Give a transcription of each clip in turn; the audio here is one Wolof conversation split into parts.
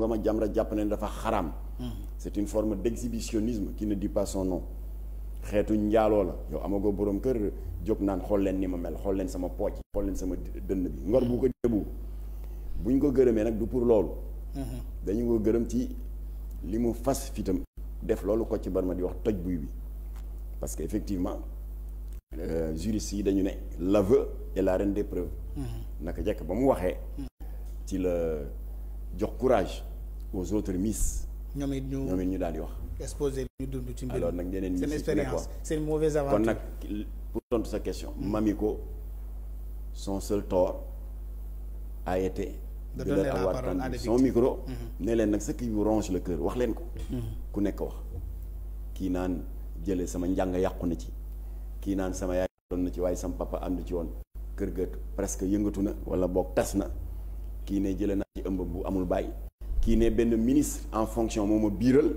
jongama Jamra jàpp ne dafa xaraam. c'est une forme d'exhibitionnisme qui ne dit pas xeetu njaaloo la yow amagoo boroom kër jóg naan xool leen ni ma mel xool leen sama pooc xool leen sama dënn bi ngor bu ko jébu buñ ko gërëmee nag du pour loolu dañu ko gërëm ci li mu fas fitam def loolu ko ci barma di wax toj buy bi parce que effectivement euh, juristes yi dañu ne l'aveu est la reine des preuves mm-hmm. naka jekk ba mu waxee mm-hmm. ci la jox courage aux autres miss. ñoom it ñu ñoom ñu daal di wax. exposé ñu dund ci mbir alors nag yeneen miss seen expérience seen mauvaise aventure kon nag pour tontu sa question. Hmm. Mamiko son sël tort a été. de son micro. Hmm. ne leen nag ce qui vous ronge le cœur wax leen ko. Hmm. ku nekk wax. kii naan jële sama njàng yàqu na ci. kii naan sama yaay doon na ci waaye sama papa am na ci woon. kër ga presque yëngatu na wala boog tas na. kii ne jële naa ci ëmb bu amul bàyyi. kii ne benn ministre en fonction moo ma biiral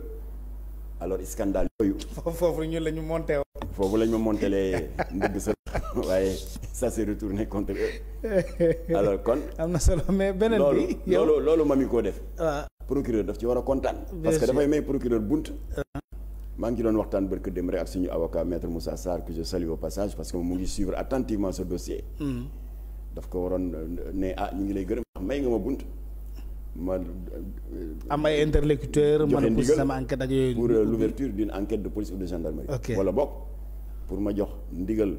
alors scandale yooyu. foofu ñu la ñu monté foofu la ñu ma montelee ndëgg sa waaye ça s'est retourné contre eux alors kon. am na solo mais beneen bi yow loolu loolu mami koo def. Ah. procureur daf ci war a kontaan. parce que dafay may procureur bunt. Ah. maa ngi ci doon waxtaan barke dem rek ak suñu avocat maître Moussa Sarr que je salue au passage parce que mu ngi suivre attentivement ce dossier. Hmm. daf ko waroon euh, ne ah ñu ngi lay gërëm may nga ma bunt. ma euh, am ay interlocuteur mën a pousser sama enquête ak yooyu pour euh, l'ouverture d'une enquête de police ou de gendarmerie wala bokk pour ma jox ndigal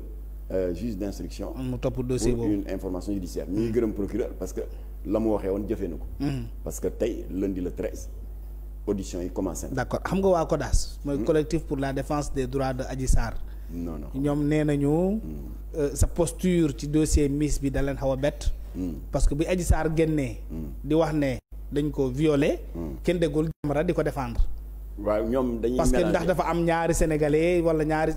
euh, juge d'instruction mu topp dossier boobu pour parce que la mu waxee woon jëfee na ko mm-hmm. parce que tey lundi le treize audition yi commencé na d'accord xam nga waa CODAS mooy hmm? collectif pour la défense des droits de Adji Sarr non non ñoom nee nañu hmm. sa posture ci dossier Miss bi da leen a bett hmm. parce que bi Adji Sarr génnee di wax ne dañ ko violé. Hmm. kenn déggul Jamra di ko défendre. waaw ñoom dañuy parce que ndax dafa am ñaari sénégalais wala ñaari.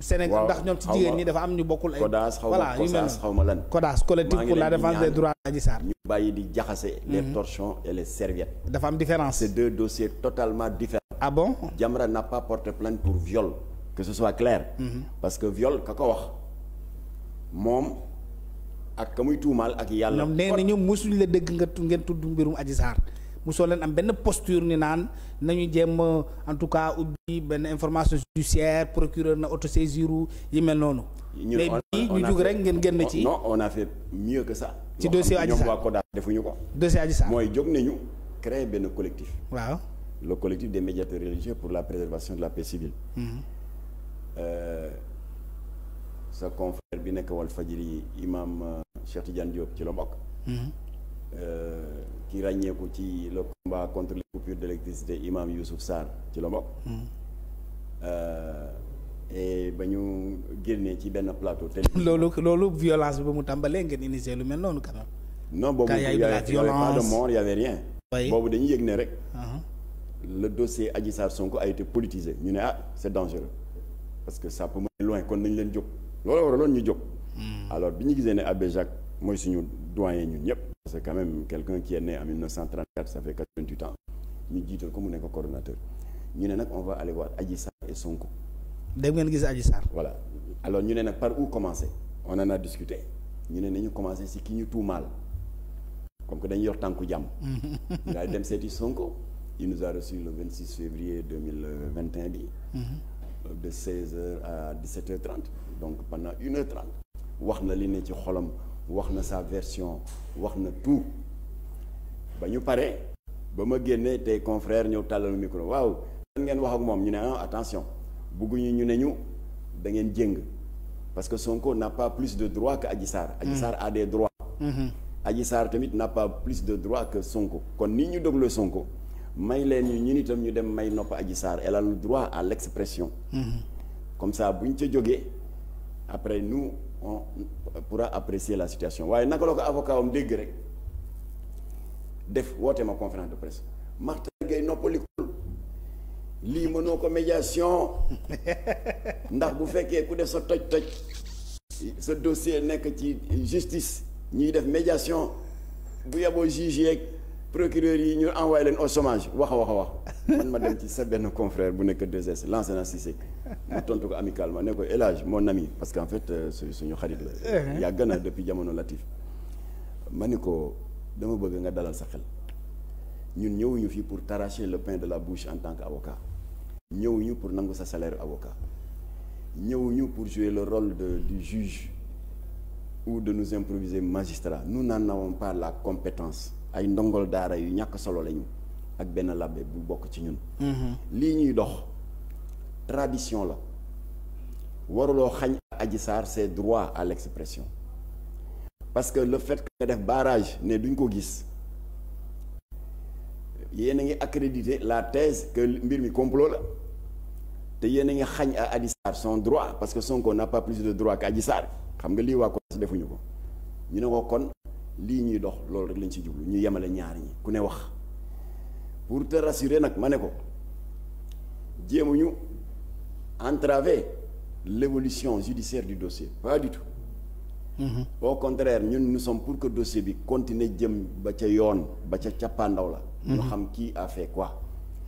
sénégal ndax ñoom ci jigéen ñi dafa am ñu bokkul ay. voilà yu mel noonu CODAS collectif pour la défense des droits Adji Sarr. ñu bàyyi di jaxase. les hmm. torchons et les serviettes. dafa am différence. c'est deux dossiers totalement différents. ah bon Jamra n'a pas porté plainte pour viol. que ce soit clair. Hmm. parce que viol ka ko wax moom. ak ka muy tuumaal ak yàlla. ñoom nee na ñoom mosuñ la dégg nga ngeen tudd mbirum Adji Sarr mosoo leen am benn posture ni naan nañu jéem en tout cas ubbi benn information judiciaire procureur na autosaisir yi mel noonu. mais bii ñu jug rek ngeen génn ci. non a fait mieux que ça. ci dossier Adji ko. dossier Adji Sarr mooy jóg nañu créer benn collectif. waaw loo collectif des médiateurs religieux pour la préservation de la paix civile. Mhm. Euh, sa confrère bi nekk Walfadjri imam euh, Cheikh Tidiane Diop ci la bokk mhm. euh, ki ràññeeku ci le combat contre les coupures d'électricité imam Youssouf Sarr ci la bokk mhm. euh, et ba ñu génnee ci benn plateau télé loolu loolu violence bi ba mu tàmbalee ngeen initié lu mel noonu quand même non boobu y avait pas de mort y avait rien boobu dañuy yëg ne rek uh-huh. le dossier Adji Sarr Sonko a été politisé ñu ne ah c'est dangereux parce que ça peut loin kon nañ leen jóg loolu waraloon ñu jóg. Hmm. alors bi ñu gisee ne Abbé mooy suñu doyen ñun ñëpp. parce que quand même quelqu'un qui est né cent 1934 ça fait 88 ans ñu jiital ko mu nekk coordonnateur ñu ne nag on va aller voir Adji Sarr et Sonko. dem ngeen gis Adji Sarr. voilà alors ñu ne nag par où commencer on en a ñu ne nañu commencer si ki ñu tuumaal comme que dañu yor tànku jàmm. nga dem seeti Sonko. il nous a reçu le 26 février 2021 bi. Hmm. de 16h à 17 donc pendant une heure trente wax na li ne ci xolam wax na sa version wax na tout ba ñu paree ba ma génnee tey confrère ñëw tàllal micro waaw lan ngeen wax ak moom ñu ne ah, attention bugguñu ñu ne ñu da ngeen jéng parce que Sonko n'a pas plus de droits que Adji Sarr. Adji mm-hmm. Sarr a des droits. Mm-hmm. Adji Sarr tamit n'a pas plus de droits que Sonko kon ni ñu déglu Sonko may leen ñu ñun itam ñu dem may nopp Adji Sarr elle a le droit à l'expression. Mm-hmm. comme ça buñ ca jógee. après nous on pourra apprécier la situation waaye naka la ko avocat am dégg rek def woote ma conférence de presse Martin Gueye noppalikul lii mënoo ko médiation ndax bu fekkee ku def sa toj-toj sa dossier nekk ci justice ñuy def médiation bu yeboo juge yeeg procureur yi ñu envoyé leen au chômage wax a wax a wax man ma dem ci sa benn confrère bu nekk 2S lancé na Cissé ma tontu ko amicalement ne ko El moo mon ami parce que en fait euh, suñu xarit la. Eh, yàgg a depuis jamono Latif. ma ni ko dama bëgg nga dalal sa xel ñun ñëwuñu fii pour t'arracher le pain de la bouche en tant qu'avocat. ñëwuñu pour nangu sa salaire avocat. ñëwuñu pour jouer le rôle de du juge ou de nous improviser magistrat naan n'en avons par la compétence ay ndongol daara yu ñàkk solo lañu. ak benn labbe bu bokk ci ñun mm-hmm. lii ñuy dox tradition la waruloo xañ Adji Sarr ses droits à l'expression parce que le fait que nga def barrage ne duñ ko gis yéen a ngi accrédité la thèse que mbir mi complot la te yéen ngi xañ a Adji Sarr son droit parce que Sonko n'a pas plus de droit qu'Adji xam nga lii waa ko defuñu ko ñu ne ko kon lii ñuy dox loolu rek lañ ci jublu ñu yemale ñaar ñi ku ne wax pour te rassurer nag ma ne ko jéemuñu entraver l'évolution judiciaire du dossier pas du tout Mmh. au contraire ñun nous sommes pour que dossier bi continuer jëm ba ca yoon ba ca cappaandaw la ñu mhm. xam kii a fait quoi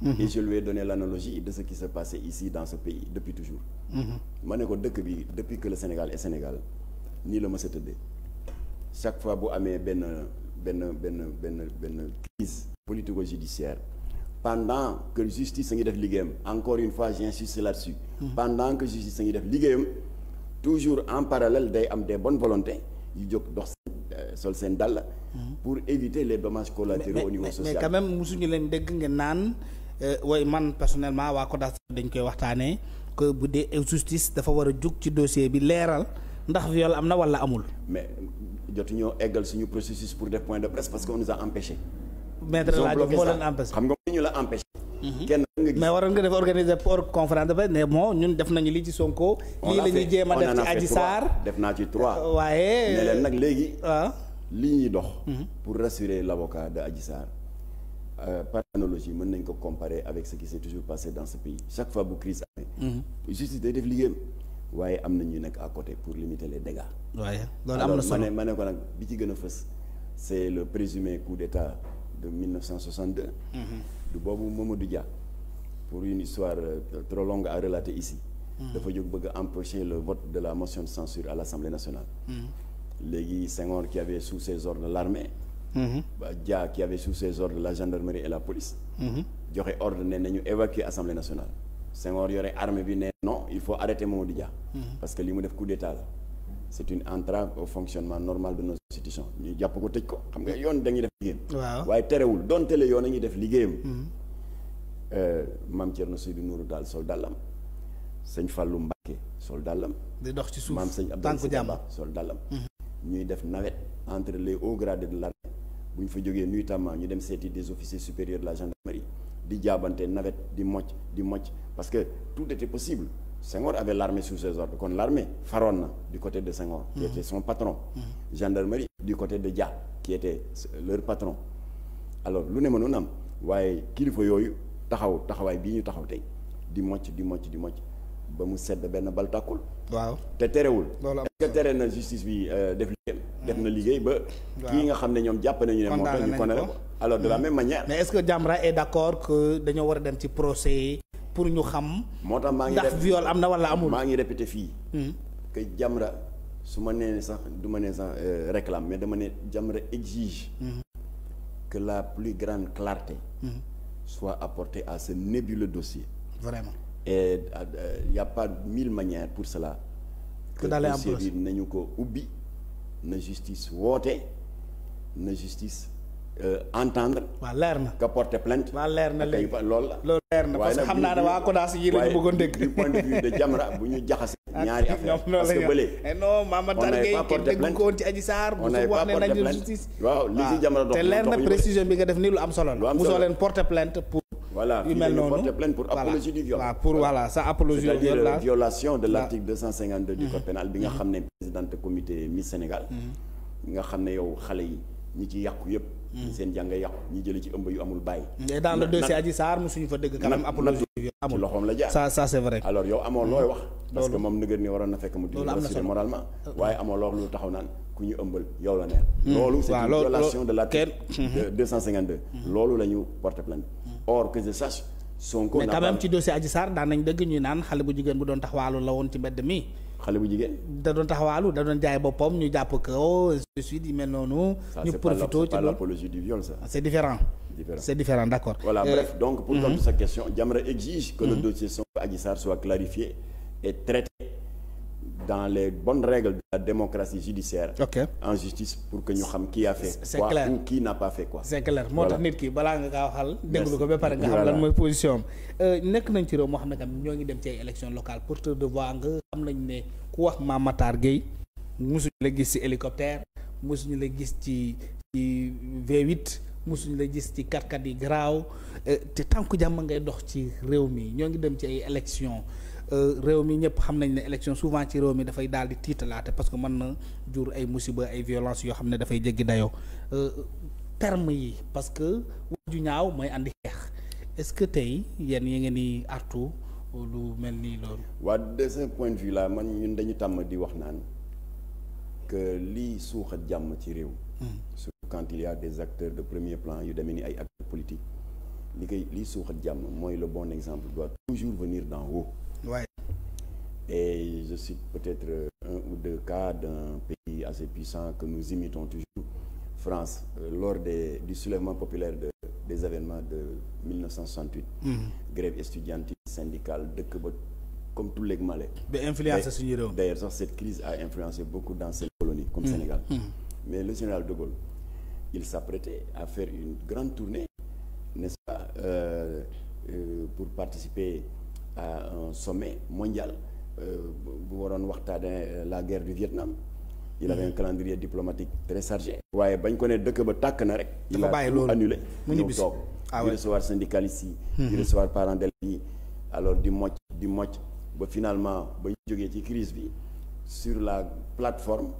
mmh. et je lui ai donné l'analogie de ce qui se passait ici dans ce pays depuis toujours mhm. ma ne ko dëkk bi depuis que le Sénégal est Sénégal nii la ma sa chaque fois bu amee benn benn benn benn benn crise politico-judiciaire pendant que justice sa ngi def liggéeyam encore une fois j'insiste là-dessus mm-hmm. pendant que justice a ngi def liggéeyam toujours en parallèle day am de bon volontés yu jóg dox euh, sol seen dàll mm-hmm. pour éviter les dommages collatéraux au niveau social mais quand même musuñu leen dégg ngeen naan way euh, man personnellement waa CODAS dañ koy waxtaanee que bu dee euh, justice dafa war a jug ci dossier bi leeral ndax viol am na walla amul mais jotu ñoo eggal suñu processus pour def point de presse parce que on maître El Hadj xam nga ñu la empêché. Mhm. ñun def nañu lii ci Sonko. lii la a def def naa ci trois. Euh, waaye léegi. waaw li ñuy dox. Mhm. pour rassurer l' avocat de Adji Sarr. Euh, par mën nañ ko comparer avec ce qui dans ce pays fois mhm. def liggéeyam. waaye am na ñu nekk à côté pour limiter les dégâts. waaye loolu am na solo ma ne ma ne ko nag bi ci gën a fës. c' le présumé coup d' de 1962. Mm-hmm. du boobu Mamadou Dia pour une histoire euh, trop longue à relater ici. Mm-hmm. dafa jóg bëgg a empêcher le vote de la motion de censure à l'Assemblée nationale. Mm-hmm. léegi Senghor qui avait sous ses ordres l'armée. ba Dia qui sous ses ordres la gendarmerie et la police. joxe ordre ne nañu évacuer Assemblée nationale. Senghor yore armée bi ne non il faut arrêter Mamadou Dia. parce que li mu def coup d'état la. c'est une entrave au fonctionnement normal de nos institutions ñu jàpp ko tëj ko xam nga yoon dañuy def liggéeyam waaw waaye terewul donte le yoon a ngi def liggéeyam mm-hmm. euh, maam Thierno Seydou Nourou daal sol dàllam sëñ Fallou Mbacké sol dàllam di dox ci suuf maam sañ Abdou Jàmba sol dàllam mm-hmm. ñuy def navette entre les hauts gradés de l'armée bu ñu fa jógee nuitamment ñu dem seeti des officiers supérieurs de la gendarmerie di jaabante nawet di mocc di mocc parce que tout était possible Senghor avait l'armée sous ses ordres kon l'armée faroon na du côté de Senghor qui mm-hmm. était son patron mm-hmm. gendarmerie du côté de Dia qui était leur patron alors lu ne mënoon am waaye kilifa yooyu taxaw taxawaay bii ñu taxaw tey di moc di mocc di mocc ba mu sedd benn bal tàkkul waaw te terewul est-ce que tere na justice bi euh, def liggéey mm-hmm. na liggéey ba kii nga xam ne ñoom jàpp nañu ne moom ñu condamné ko alors de la même manière mais est que Jamra est d'accord que dañoo war a dem ci procès pour ñu xam. moo tax maa ngi ndax am na wala amul. maa ngi répété fii. Hmm. que Jamra su ma nee sax du ma nee sax euh, réclame mais dama ne Jamra exige. Hmm. que la plus grande clarté. Hmm. soit apportée à ce nébuleux dossier. vraiment et euh, il a pas mille manières pour cela. que dalee am dossier bi nañu ko ubbi na justice woote na justice. Euh, entendre. waaw leer na nga porter plainte. waaw leer na léegi loolu la. na parce que xam naa ne waa CODAS yi la ñu bëggoon dégg. du point de vue de Jamra bu ñu jaxase. Ah, ñaari affaire parce que bële. Eh non Mama Tar Gueye kenn dégg ko woon ci Adji Sarr. on waaw li si Jamra dox te leer na précision bi nga def nii lu am solo la. musoo leen porter plainte pour. voilà yu mel noonu porter plainte pour apologie du viol. voilà pour voilà sa apologie du viol c'est-à-dire violation de l' article 252 du mhm. code pénal bi nga mhm. xam ne présidente comité Miss Sénégal mhm. nga xam ne yow xale yi ñi ci yàqu yëpp seen jàng yàqu ñi jële ci ëmb yu amul bàyyi mais dans le dossier Adji Sarr musuñu fa dëgg kanam apologie amul loxoom wax parce que moom nëgër ni waroon na fekk mu di rassuré moralement euh, la neex hmm. loolu c'est une violation loolu la hmm. hmm. porte plainte or que je sache Sonko mais quand même ci dossier Adji Sarr daan nañ dëgg ñuy naan xale bu jigéen bu doon taxawaalu la woon ci mbedd mi xale bu jigéen. da doon taxawaalu da doon jaay boppam ñu jàpp ko oh, ainsi de suite yi mel noonu. ñu profité ci loolu c'est pas l'apologie du viol ça. c'est différent. différent c'est différent d'accord. voilà euh, bref donc. pour mhm. sa question Jamra exige que le mhm. dossier Sonko Adji soit clarifié et traité. dans les bonnes règles de la démocratie judiciaire. Okay. en justice pour que ñu xam ki a fait. c'est n'a pas fait quoi. c'est clair moo tax nit ki balaa nga kaa waxal. déglu ko ba pare nga xam lan mooy position am. Euh, nekk nañ ci réew moo xam ne tamit ñoo ngi dem ci ay élections locales porteur de voix nga xam nañ ne ku wax Mame Matar Gueye mosuñu la gis ci hélicoptère mosuñu la gis ci ci V8 mosuñu la gis ci katkat yi garaaw euh, te tànku jàmm ngay dox ci réew mi ñoo ngi dem ci ay élections. Euh, réew mi ñëpp xam nañ ne élection souvent ci réew mi dafay daal di tiitalaate parce que mën na jur ay musiba ay violence yoo xam ne dafay jéggi dayoo euh, terme yi parce que wax ñaaw mooy àndi xeex est-ce que tey yéen yi ngeen di artu lu mel nii loolu. waa de ce point de vue là man ñun dañu tàmm di wax naan que lii suuxa jàmm ci réew. Hmm. su quand il y a des acteurs de premier plan yu demee ni ay acteurs politiques. li koy liy suuxat jàmm mooy le bon exemple doit toujours venir d'en haut. et je cite peut-être euh, un ou deux cas d'un pays assez puissant que nous imitons toujours France euh, lors des du soulèvement populaire de des événements de 1968. Mm grève estudiantine syndicale dëkk comme tout léegi male. ba influencé suñu réew. d'ailleurs sax cette crise a influencé beaucoup d'anciennes colonies comme mm -hmm. Sénégal. Mm -hmm. mais le général de Gaulle il s'apprêtait à faire une grande tournée nest pas euh, euh, pour participer à un sommet mondial euh, bu waroon waxtaane euh, la guerre du Vietnam la avait un mm. calendrier diplomatique très chargé. waaye bañ ko ne dëkk ba tàkk na rek. il bàyyi tout annulé mu ñëw toog ah di recevoir syndicalistes yi. di mm-hmm. recevoir parents d'élèves yi. alors di mocc di moc ba finalement ba ñu ci crise bi sur la plateforme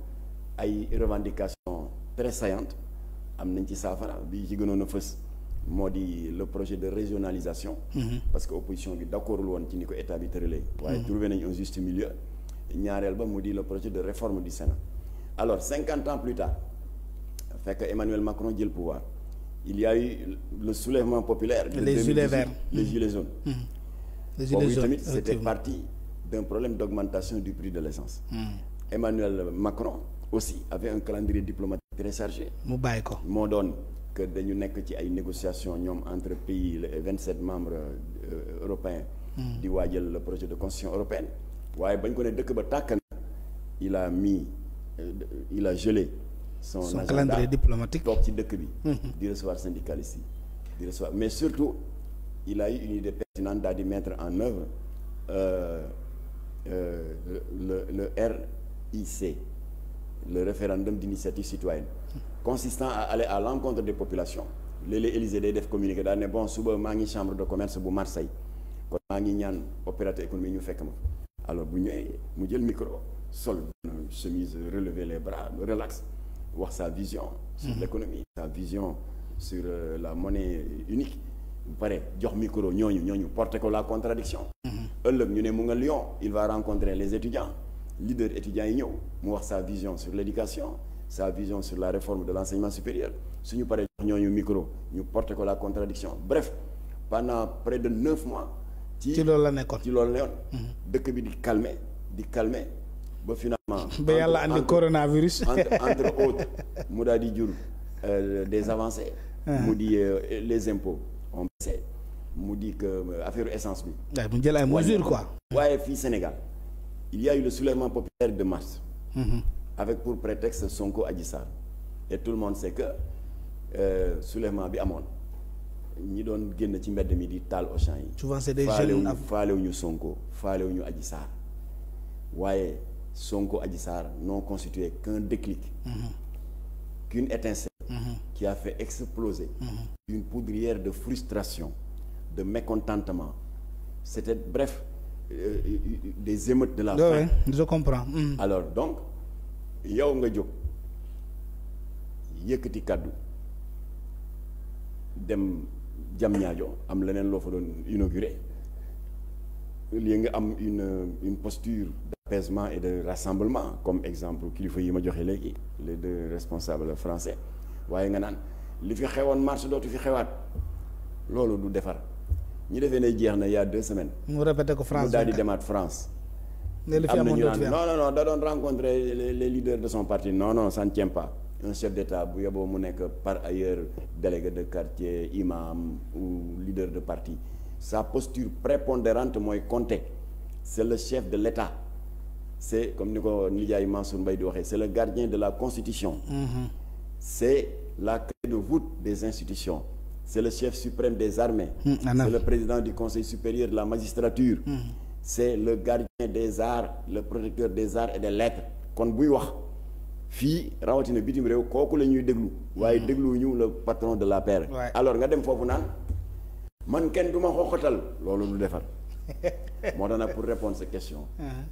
ay revendications très saillantes am nañ ci saafara bi ci gënoon a fës. moo di le projet de régionalisation. Mhm. parce que opposition bi d'accordul woon ci ni ko état bi tëralee. waaye mhm. trouvé nañ un juste milieu. ñaareel ba mu di le projet de réforme du Sénat alors cinquante ans plus tard fekk Emmanuel Macron jël pouvoir il y a eu le soulèvement populaire. de les gilets verts les gilets jaunes. Mhm. les gilets jaunes tamit c'était parti d'un problème d'augmentation du prix de l'essence. Emmanuel Macron aussi avait un calendrier diplomatique très chargé. mu bàyyi ko moo doon. que dañu nekk ci ay négociations ñoom entre pays les vingt sept membres euh, européens. Hmm. di waajal le projet de constitution européenne. waaye bañ ko ne dëkk ba tàkk na il a mis euh, il a gelé. son son calendrier toog ci dëkk bi. Hmm. di recevoir syndicalistes yi di recevoir mais surtout il a eu une idée pertinente daal di mettre en œuvre euh, euh le RIC le référendum d'initiative citoyenne. consistant à aller à l'encontre des populations léeg-léeg day def communiqué daal ne bon suba maa ngi chambre de commerce bu Marseille kon maa ngi ñaan opérateur économique ñu fekk ma alors bu ñëwee mu jël micro sol chemise relever les bras relax wax sa vision sur mhm. l'économie sa vision sur euh, la monnaie unique bu pare jox micro ñooñu ñooñu porté ko la contradiction mhm. ëllëg ñu ne mu nga Lyon il va rencontrer les étudiants leader étudiants yi ñëw mu wax sa vision sur l'éducation sa vision sur la réforme de l'enseignement supérieur suñu paree jox ñooñu micro ñu porté ko la contradiction bref pendant près de neuf mois ci loolu la nekkoon ci loolu la nekkoon mhm. dëkk bi di calmer di calmer ba finalement ba yàlla andi coronavirus entre autres mu daal di jur euh, des avancées ah. mu di euh, les impôts mu di que euh, affaire essence bi mu jël ay mesures quoi waaye fii Sénégal il y a eu populaire de mars mhm. avec pour prétexte Sonko Adji Sarr et tout le monde sait que euh, soulèvement bi amoon ñi doon génn ci mbedd mi di taal Auchan yi. souvent c'est des jeunes faalewuñu Sonko faalewuñu Adji Sarr waaye Sonko Adji Sarr n'ont constitué qu'un déclic. Mm-hmm. qu'une étincelle. Mm-hmm. qui a fait exploser. Mm-hmm. une poudrière de frustration de mécontentement c'était bref euh, euh, euh des émeutes de la faim. Mm. donc. yow nga jóg yëkkati kàddu dem jam ñaajo am leneen loo fa doon inauguré lii nga am une une posture d'apaisement et de rassemblement comme exemple kilifa yi ma joxe léegi les de responsables français waaye nga naan li fi xewoon marché dootu fi xewaat loolu du defar ñu defee ne jeex na il y a deux semaines. mu répété ko France mu daal di demaat France. ne li fi amoon am non non non da doon rencontrer les leaders de son parti non non ça un chef d'état bu yeboo mu nekk par ailleurs délégué de quartier imam ou leader de parti sa posture prépondérante mooy compter c'est le chef de l'état c'est comme ni ko Ndiaye Mansour mbay di waxee c'est le gardien de la constitution mmh. c'est la clé de voûte des institutions c'est le chef suprême des armées mmh, c'est le président du conseil supérieur de la magistrature mm. c'est le gardien des arts le protecteur des arts et des lettres kon buy wax fii rawatina bitim réew kooku la ñuy déglu waaye hmm. dégluwuñu le patron de la l'APR alors nga dem foofu naan man kenn du ma xoxatal loolu lu defar moo tax nag pour répondre cette question uh-huh.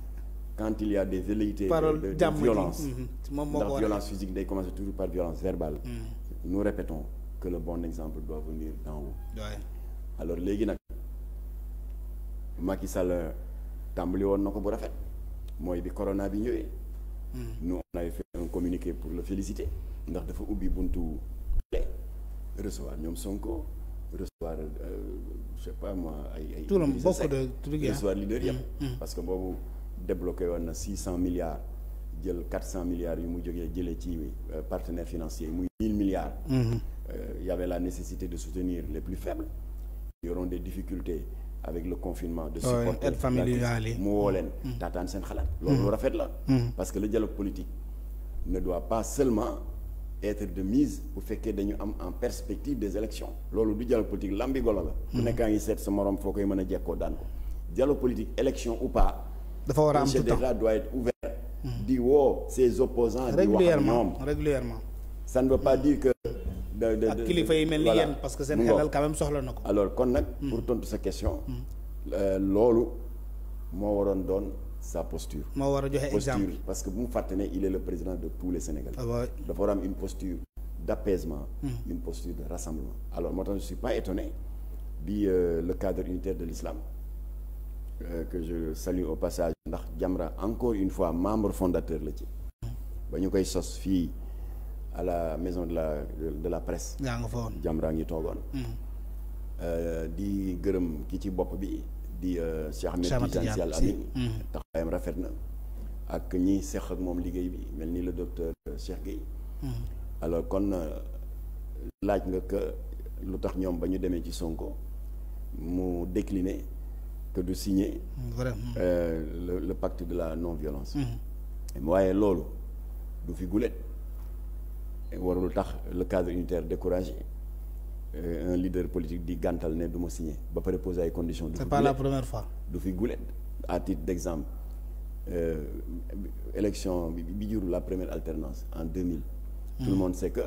quand il y a des velléités de, de violence mm-hmm. ndax violence physique day commencer toujours par violence verbale mm-hmm. nous répétons que le bon exemple doit venir d'en haut alors léegi nag Macky Sall euh, tàmbali woon na ko bu rafet mooy bi corona bi ñëwee. Hmm. nous on avait fait un communiqué pour le féliciter ndax dafa ubbi buntu recevoir ñoom Sonko recevoir euh, je sais pas moi ay ay. turam bokk de recevoir leader yëpp. Hmm, hmm. parce que boobu débloqué woon na six cent milliards jël quatre cent milliards yu mu jógee jëlee ci euh, partenaires financiers muy mille milliards. y la nécessité de soutenir les plus faibles. qui auront des difficultés. avec le confinement de supporter aide familiale yi mu woo leen mm. Mm. taataan seen xalaat loolu mm. rafet la parce que le dialogue politique ne doit pas seulement être de mise bu fekkee dañu am en perspective des élections loolu du dialogue politique lambi golo la ku nekkaa ngi seet sa morom foo koy mën a jekkoo daan ko dialogue politique élection ou pas dafa war a am tout temps déjà doit ouvert di woo ses opposants di wax ñoom régulièrement ne veut pas dire que ak kilifa yi mel ni yéen parce que seen xelal quand même soxla na ko. alors kon nag. Mm. pour tontu sa question. Mm. Euh, loolu moo waroon doon sa posture. moo war a joxe exemple parce que bu mu fàtte ne il est le président de tous les Sénégalais. Ah dafa war am une posture d' mm. une posture de rassemblement. alors moo tax je suis pas étonné bi euh, le cadre unitaire de l'islam euh, que je salue au passage ndax Jamra encore une fois membre fondateur la ci. ba ñu koy sos fii. à la maison de la de la presse. yaa nga fa woon Jamra ngi toogoon. Mm-hmm. Euh, di gërëm ki ci bopp bi di. Euh, Cheikh Ahmed Tidiane Sy Al mm-hmm. rafet na. ak ñi seq ak moom liggéey bi mel ni le docteur euh, Cheikh Guèye. Mm-hmm. alors kon laaj nga que lu tax ñoom ba ñu demee ci Sonko mu décliner que du signer. Mm, vraiment mm. le pacte de la non violence. waaye loolu du fi gulet. warul tax le cadre unitaire découragé euh, un leader politique di gàntal ne du ma ba pare poser ay condition du fi c'est pas du fi gulet à titre d'exemple euh, élection bi bi la première alternance en 2000. Mmh. tout le monde sait que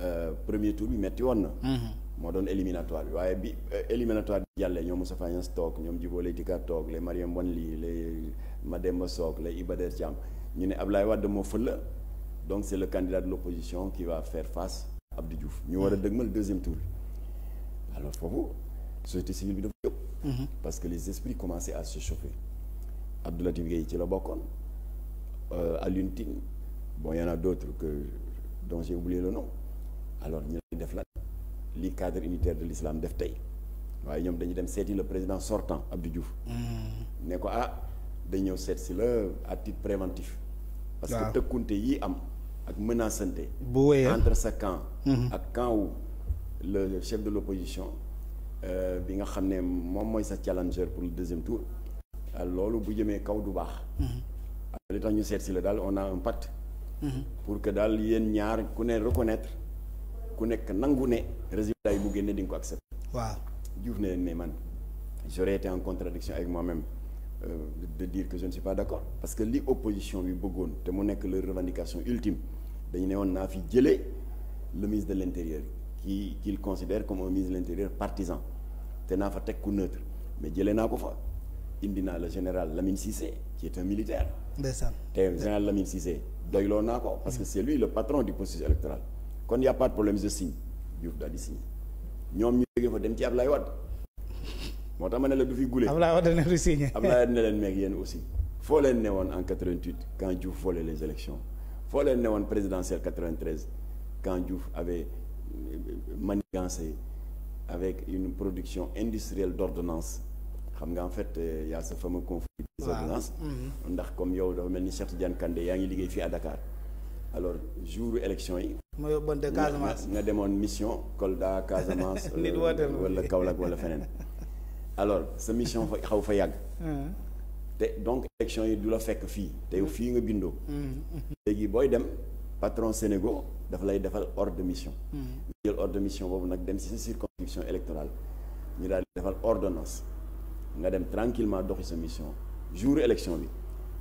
euh, premier tour bi metti woon na. Mmh. moo doon éliminatoire bi waaye bi éliminatoire bi jàllee ñoom Moussa Fagnès toog ñoom Djibo Leyti Ka toog les Mariam Wane Ly Mademba Sock les Iba Der ñu ne Ablaye Wade moo fël donc c'est le candidat de l'opposition qui va faire face à ñu war a hmm. dëgmal deuxième tour bi alors foofu société civile bi dafa jóg hmm. parce que les esprits commençaient à se chauffer Abdou Latif ci la bokkoon euh, Alioune Tine bon y en a d'autres que dont j'ai oublié le nom alors ñu def la li cadre unitaire de l'islam def tey waaye ñoom dañuy dem seeti le président sortant Abdou Diouf hmm. ne ko ah dañ ñëw seet si la à préventif parce que tëkkunte yi am ak menacante bu wéyee entre sa camp mhm. ak camp wu le chef de l'opposition euh, bi nga xam ne moom mooy sa challenger pour le deuxième tour euh, loolu bu jëmee kaw du baax mhm. li tax ñu seet si la daal on a un pacte mhm. pour que daal yéen ñaar ku ne reconnaître ku nekk nangu ne résultat yi bu génne di ko accepter waa Diouf ne mais man j'aurais été en contradiction avec moi-même Euh, de dire que je ne suis pas d'accord parce que li opposition bi bëggoon te mu nekk leur revendication ultime dañu ne woon naa fi jëlee le ministre de l'intérieur qui qu'il considère comme un ministre de l'intérieur partisan te naa fa teg ku neutre mais jële naa ko fa indi naa la général Lamine Cissé qui est un militaire. ndeysaan te général Lamine Cissé doyloo naa ko. parce que c'est lui le patron du processus électoral. kon y a pas de problème je signe Diouf di signer ñoom ñu jógee fa dem ci Ablaye Wade. moo tax ma ne la du fi gule. Abdoulaye Wade ne du signé Abdoulaye ne leen meeg yéen aussi. foo leen ne woon en 88 quand Diouf volait les élections foo leen ne woon présidentielle 93 quand Diouf avait euh, manigancé avec une production industrielle d'ordonnances xam nga en fait euh, y a ce conflit des ordonnances mm-hmm. ndax comme yow dafa mel ni Cheikh Tidiane Kandé yaa ngi liggéey fii à Dakar alors jour élection yi. ma yóbboon de Casamance nga demoon mission Kolda Casamance. nit wooteel euh, wala Kaolack wala feneen. alors sa mission xaw fa yàgg. Mm-hmm. te donc élection yi du la fekk fii te yow fii nga bindoo. Mm-hmm. léegi booy dem patron Sénégal dafa lay defal ordre de mission. Mm-hmm. jël ordre de boobu nag dem ci sa circonscription électorale ñu daal defal ordonnance nga dem tranquillement doxi sa mission jour élection bi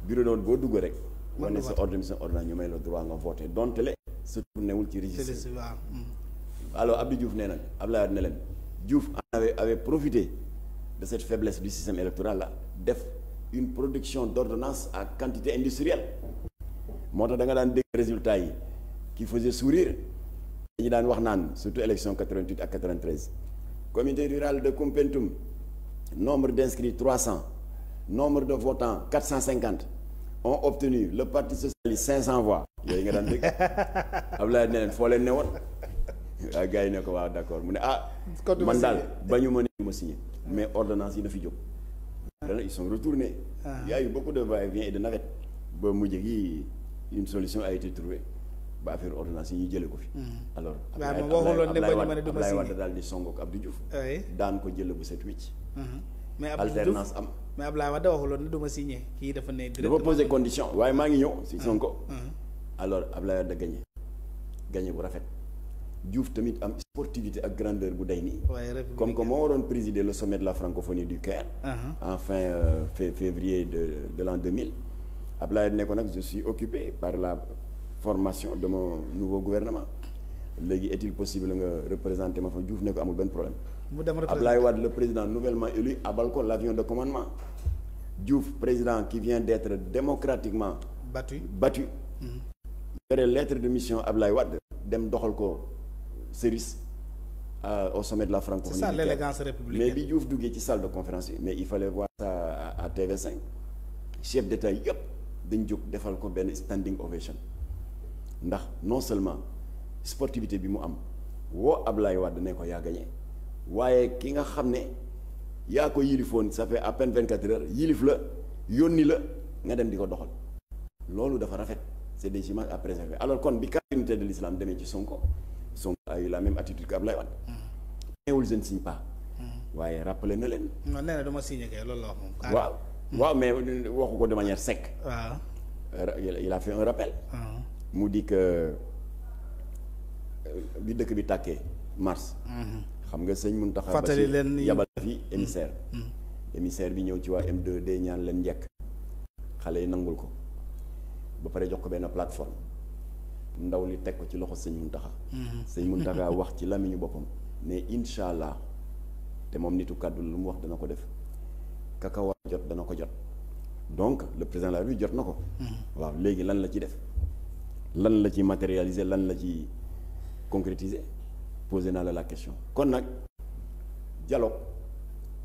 bureau doon boo dugg rek. moo ne sa ordre de mission ordonnance ñu may la droit nga voté donte le sa tourné wul ci registre. Mm. alors Abdou Diouf nee na Abdoulaye ne leen Diouf en avait avait profité. de cette faiblesse du système électoral là def une production d'ordonnance à quantité industrielle moo tax da nga daan dégg résultat yi qui faisait sourire dañu daan wax naan surtout élection 88 ak 93 communauté rurale de Koumpentoum nombre d'inscrits 300 nombre de votants 450 ont obtenu le parti socialiste 500 voix yooyu nga daan dégg Abdoulaye ne leen foo leen ne woon waaw gars yi ne ko waaw d'accord mu ne ah man ba ñu mais ordonnance yi dafi jóg dana ils sont retournés ah. il y a eu de va-et-vient de navette ba mujj gi une solution a été trouvée ba affaire ordonnance yi ñu jële ko fi hmm. alors Abdoulaye Wade daal di songook Abdou Diouf daan ko jële bu set wicc hmm. mais alternance am mais Abdoulaye Wade waxuloon ne du ma kii dafa ne dafa posé condition waaye maa ngi ñëw si hmm. Sonko alors Abdoulaye Wade gagné gagné bu rafet Diouf tamit am sportivité ak grandeur bu dey nii. comme que moo waroon présider le sommet de la francophonie du Caire. Uh-huh. en fin euh, février de de l'an 2000. Ablaye ne ko nag je suis par la formation de mon nouveau gouvernement léegi est-il représenter ma fa Diouf ne amul benn problème. mu dem représenter Ablaye Wade le président nouvellement élu abal ko l'avion de commandement Diouf président qui vient d'être démocratiquement. battu battu. Mm-hmm. yore mm -hmm. lettre de mission Ablaye Wade dem doxal ko. service à, euh, au sommet la francophonie. C'est ça l'élégance républicaine mais ci salle de conférence bi mais il fallait voir ça à, à TV5 chef d'État yëpp dañ jóg defal ko benn standing ovation ndax non seulement sportivité bi mu am woo Ablaye Wade ne ko yaa gagné waaye ki nga xam ne yaa ko yilifoon ça fait à peine vingt quatre heures yilif la yónni la nga dem di ko doxal loolu dafa rafet c'est des images à préserver alors kon bi continuité de l'islam demee ci Sonko Sonko a eu la même attitude qu'Ablaye Wade. neewul je ne signe pas. waaye rappelé na leen. non nee na dama signé kay loolu waaw waaw mais waxu ko de manière sec. waaw. il a fait un rappel. Ah. mu di euh, bi dëkk bi tàkkee mars. Mhm. xam nga sëñ Mountakha. fàttali leen ni yabal fi émissaire. Mhm. Mhm. émissaire bi ñëw ci waa m 2 ñaan leen njekk xale yi nangul ko ba pare jox ko benn plateforme. ndaw li teg ko ci loxo sëñ Muntaxa mm-hmm. sëñ Muntaxa wax ci làmmiñu boppam mais incha allah te moom nitu kàddu lu mu wax dana ko def kaka jot dana ko jot donc le président la République jot na ko mm-hmm. waaw léegi lan la ci def lan la ci matérialiser lan la ci concrétiser posé naa la la question kon nag jaloo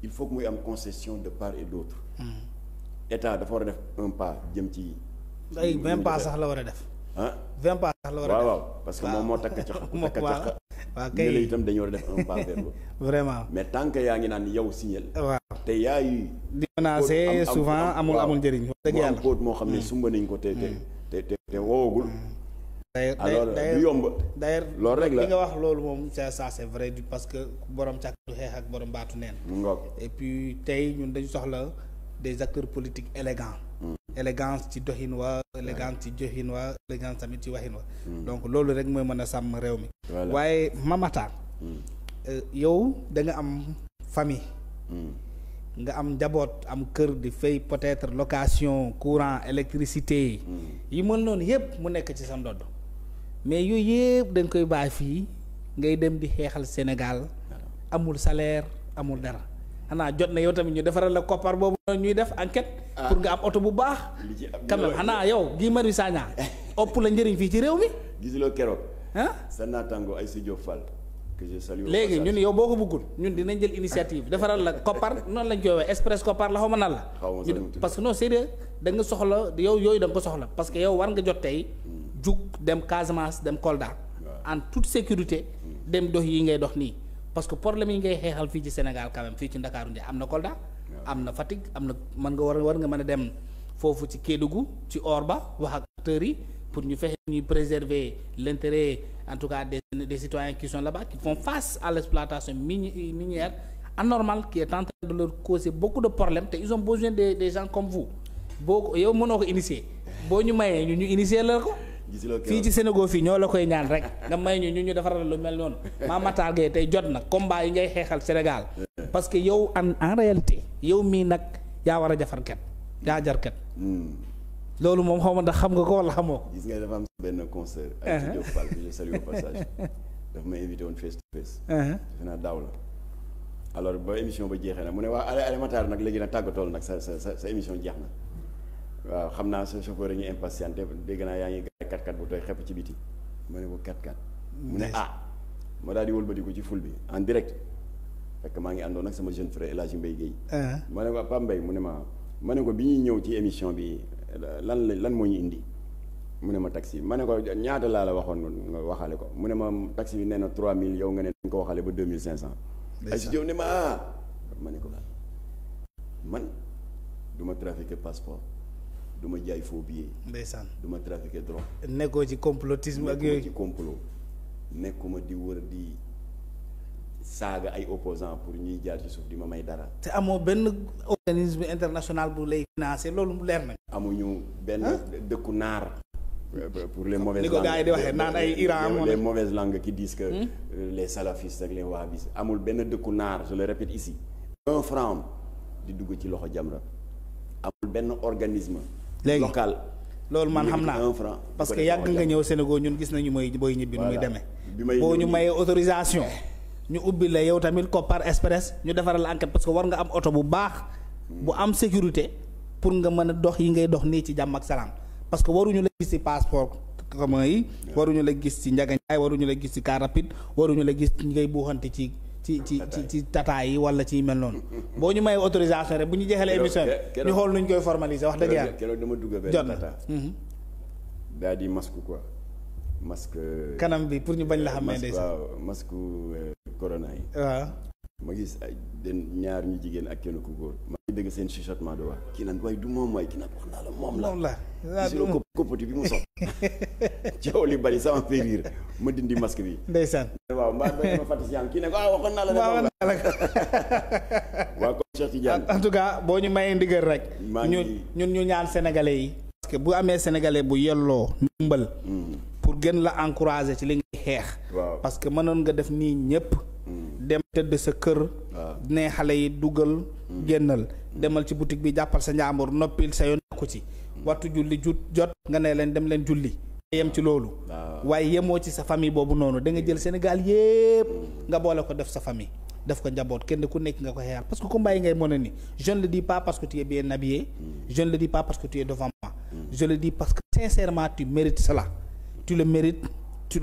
il faut muy am concession de part et d'autre mm-hmm. état dafa war a def un pas jëm ci ay même pas sax la war a def ah. vingt pas la waaw parce que moom moo takk cax ku takk cax. waaw itam dañu def un vraiment mais tant yaa ngi naan yow signal. waaw te yaay. di menacer souvent amul amul njëriñ. wax dëgg yàlla moo xam ne mm. sumba nañ ko te te mm. te te woowagul. Mm. alors yomb. d'ailleurs loolu rek la li wax loolu moom ça ça c'est vrai parce que borom càkk ak borom baatu neen. mu ngoog et puis tey ñun dañu soxla des acteurs politiques élégants. élégance ci doxin wa élégance ci joxin wa élégance tamit ci waxin wa hmm. donc loolu rek mooy mën a sàmm réew mi waaye mamata hmm. euh, yow da am famille hmm. nga am njaboot am kër di fay peut-être location courant électricité yi mën noonu yëpp mu nekk ci sa ndodd mais yooyu yëpp dañ koy bàyyi fii ngay dem di xeexal Sénégal amul salaire amul dara xanaa jot na yow tamit ñu defaral la koppar boobu noonu ñuy def enquête. Ah. pour nga am oto bu baax. li ci quand même xanaa yow Guy Marius Sagna ëpp la njëriñ fii ci réew mi. gisuloo keroog. ah sa naataango ay studio Fall. que je salue léegi ñun yow boo ko bëggul ñun dinañ jël initiative defaral la koppar noonu lañ koy woowee express koppar la xaw ma nan la. parce que non sérieux da nga soxla yow yooyu da nga ko soxla parce que yow war nga jot tey. Hmm. jug dem Casamance dem Kolda. en toute sécurité. Hmm. dem dox yi ngay dox nii. parce que problème yi ngay xeexal fii ci Sénégal quand fii ci Ndakaaru ndi am na Kolda am na Fatick am na man nga war war nga mën a dem foofu ci Kédougou ci or ba wax ak acteurs yi pour ñu fexe ñuy préserver l'intérêt en tout cas des des citoyens qui sont là-bas qui font face à l'exploitation mini minière anormale qui est en train de causer beaucoup de problèmes te ils ont besoin des des gens comme vous boo ko yow mënoo ko initier boo ñu mayee ñu ñu initier la ko fii ci Sénégal fii ñoo la koy ñaan rek nga may ñu ñu ñu defaral lu mel noonu Mame Matar Gueye tey jot na combat yi ngay xeexal Sénégal eh. parce que yow en en réalité yow mii nag yaa war a jafar ket yaa jar hmm. loolu moom xaw ma ndax xam nga ko wala xamoo ko. gis nga dafa am benn concert. ak ci Diop Fall que je salue au passage ma invité woon face to face. Uh-huh. defe naa daaw la alors ba émission ba jeexee na mu ne waa Alé Alé Matar nag léegi nag tàggatool nag sa sa sa émission jeex na. waaw xam naa sa chauffeur yi ñu impatienté dégg naa yaa ngi gaare 4x4 bu tooy xepp ci biti ma ne ko 4x4. mu ne ah ma daal di ko ci ful bi en direct fekk maa ngi àndoon nag sama jeune frère El Hadj Mbaye Guèye. Uh-huh. ma ne ko ah, Pape mu ne ma ma ne ko bi ñuy ñëw ci émission bi lan la lan moo ñu indi. mu ne ma taxi ma ne ko ñaata laa la waxoon nga waxale ko mu ne ma taxi bi nee na 3000 yow nga ne dañ ko waxale ba 2500. ay si jow ne ma ah ma ne ko man du ma trafiquer passeport. du ma jaay faux billet. ndeysaan du ma trafiqué drogue. nekkoo ci complotisme ak yooyu nekkuma ci complot nekkuma di wër di saaga ay opposants pour ñuy jaar ci suuf di ma may dara. te amoo benn organisme international bu lay financé loolu leer na. amuñu benn dëkku naar. pour les mauvaises langues ni ko gars yi di waxe naan ay Iran les mauvaises langues qui disent hmm? euh, les salafistes ak les wahhabistes amul benn dëkku naar je le répète ici. un franc di dugg ci loxo Jamra amul benn organisme. léegi loolu man xam naa parce que yàgg nga ñëw Sénégal ñun gis nañu mooy booy ñibbi nu muy demee boo ñu mayee autorisation ñu ubbi la yow tamit par Express ñu defaral la enquête que war nga am oto bu baax bu am sécurité pour nga mën a dox yi ngay dox nii ci jàmm ak salaam parce que waruñu la gis ci passeport commun yi waruñu la gis ci njaganjaay waruñu la gis ci car rapide waruñu la gis ngay buuxante ci ci ci ci ci tata yi wala ci mel noonu boo ñu may autorisation rek bu ñu jeexalee émission bi ñu xool nu ñu koy formaliser wax dëgg yàlla keroog dama dugg benn tata mhm. daal di masque quoi masque kanam bi pour ñu bañ la xam ne ndeysaan waaw masque euh, corona yi waaw ma gis ay den ñaar ñu jigéen ak kenn ku góor ma ngi dégg seen chuchotement de wax kii naan waaye du moom waaye kii naan wax moom la la gis nga bi mu sox jaww li bari sama périr ma dindi masque bi ndeysaan waaw mbaa doy ma fàtte si yàlla kii ne boo ñu mayee ndigal rek ñun ñun ñu ñaan sénégalais yi parce que bu amee sénégalais bu yelloo ndimbal hmm. pour gën la encourager ci li ngay xeex parce que mënoon nga def nii ñëpp dem tëdd sa kër ne xale yi dugal mm. génnal demal ci boutique bi jàppal sa njaambur noppil sa yoon ko ci mm. waxtu julli jut jot nga ne leen dem leen julli yem ci loolu waaye yemoo ci sa famille boobu noonu da nga jël mm. Sénégal yépp nga boole ko def sa famille def ko njaboot kenn ku nekk nga ko xeexal parce que combat yi ngay mën a ni je ne le dis pas parce que tu es bien habillé je ne le dis pas parce que tu es devant moi je le dis parce que sincèrement tu tu le mérites tu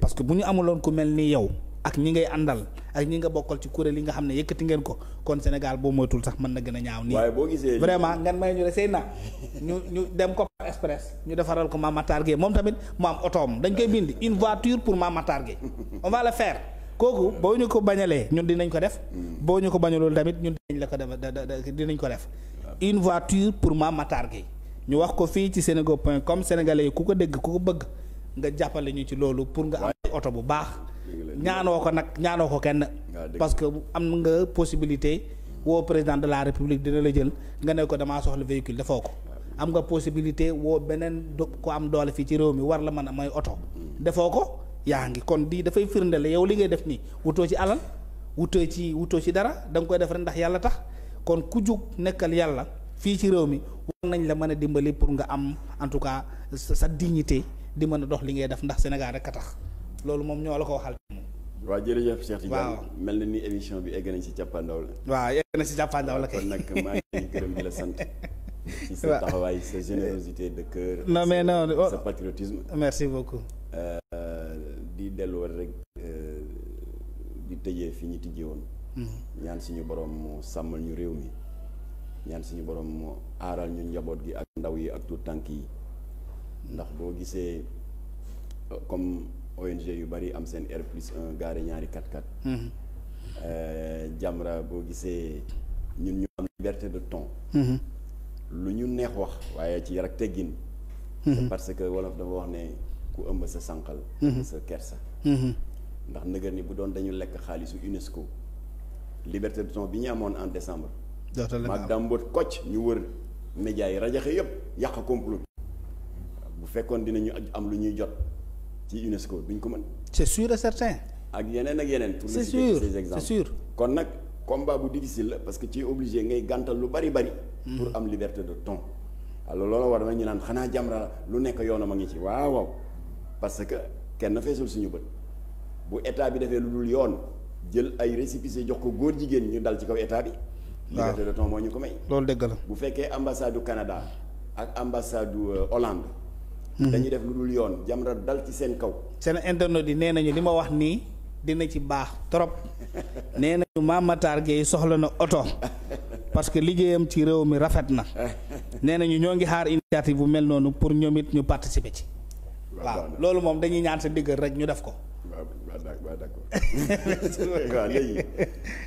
parce que bu ñu amuloon ku mel nii yow ak ñi ngay àndal ak ñi nga bokkal ci kuréel yi nga xam ne yëkkati ngeen ko kon Sénégal boo moytul sax mën na gën a ñaaw nii boo gisee vraiment ngeen may ñu de sëy na ñu ñu dem ko express ñu defaral ko Mame Matar Gueye moom tamit mu am otoom dañ koy bind une voiture pour Mame Matar Gueye on kooku boo ñu ko bañalee ñun dinañ ko def boo ñu ko bañaloolu tamit ñun dinañ la ko def dinañ ko def une voiture pour Mame Matar Gueye ñu wax ko fii ci senego point comme sénégalais ku ko dégg ku ko bëgg nga jàppale ñu ci loolu pour nga am oto bu baax ñaanoo ko nag ñaanoo ko kenn parce que am nga possibilité woo président de la république dina la jël nga ne ko damaa soxla véhicule defoo ko am nga possibilité woo beneen ko am doole fii ci réew mi war la mën a may oto mm. defoo ko yaa ngi kon di dafay firnde la yow li ngay def nii wutoo ci alal wutoo ci wutoo ci dara da nga koy def rek ndax yàlla tax kon ku jug nekkal yàlla fii ci réew mi war nañ la mën a dimbali pour nga am en tout cas sa dignité di mën a dox li ngay def ndax Sénégal rek a tax loolu moom ñoo la ko waxal. waa jërëjëf Cheikh Tidiane waaw mel na ni émission bi egg nañ ci jàppandaw la. waaw egg na ci jàppandaw la kay kon nag maa ngi gërëm di la sant. ci sa taxawaay sa générosité de cœur. non mais non sa oh. patriotisme. merci beaucoup. Euh, di delluwaat rek euh, di tëjee fi ñu tijjee woon. Hmm. ñaan suñu borom mu sàmmal ñu réew mi ñaan suñu borom mu aaral ñu njaboot gi ak ndaw yi ak tuut tànk yi. ndax boo gisee euh, comme ONG yu bari am seen R plus un gaare ñaari kat kat mhm. euh, Jamra boo gisee ñun ñu am liberté de ton mhm. lu ñu neex wax waaye ci yar ak teggin mhm. parce que wolof dafa wax ne ku ëmb sa sànqal sa kersa ndax nëgër ni bu doon dañu lekk xaalisu UNESCO liberté de ton bi ñu amoon en décembre maag dàmboot kocc ñu wër média yi rajaxe yëpp yàq complot bu fekkoon dinañu am lu ñuy jot ci UNESCO duñ ko mën. c'est sûr et certain. ak yeneen ak yeneen. pour ne c'est sûr kon nag combat bu difficile la parce que ci es ngay gantal lu bari bari. Hmm. pour am liberté de ton. alors loolu war na ñu naan xanaa Jamra la lu nekk yoonam a ngi ci waaw waaw parce que kenn feesul suñu bët bu état bi defee lu dul yoon jël ay récépissé jox ko góor jigéen ñu dal ci kaw état bi. liberté de ton moo ñu ko may. loolu dëgg la bu fekkee ambassade du ak ambassade du euh, Hollande. Mhm. dañuy def lu dul yoon Jamra dal ci seen kaw. seen internet yi nee nañu li ma wax nii dina ci baax trop nee nañu Mame Matar Gueye soxla na oto parce que liggéeyam ci réew mi rafet na nee nañu ñoo ngi xaar initiative bu mel noonu pour ñoom ñu participer ci. waaw loolu moom dañuy ñaan sa diggal rek ñu def ko. waaw waaw d'accord waaw léegi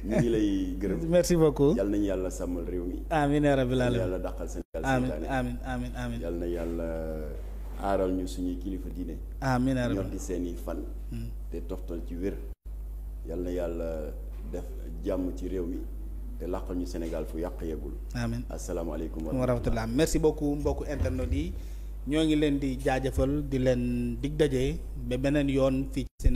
ñu ngi lay gërëm. merci beaucoup yal nañu yàlla sàmmal réew mi. amiin yaa rabbil aalamiin yàlla dàqal Sénégal. amiin amiin amiin aaral ñu suñuy kilifa diine amiin ñor di seeni fan hmm. te toftal ci wér yal na yàlla def jàmm ci réew mi te làqal ñu Sénégal fu yàq yegul amiin asalaamaaleykum wa rahmatullah merci beaucoup mbokku internet yi ñoo ngi leen di jaajëfal di leen dig daje ba beneen yoon fii ci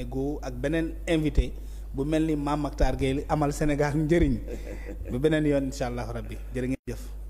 ak beneen invité bu mel ni maam Mactar Gueye li amal Sénégal njëriñ ba beneen yoon incha allah rabbi jërë ngeen jëf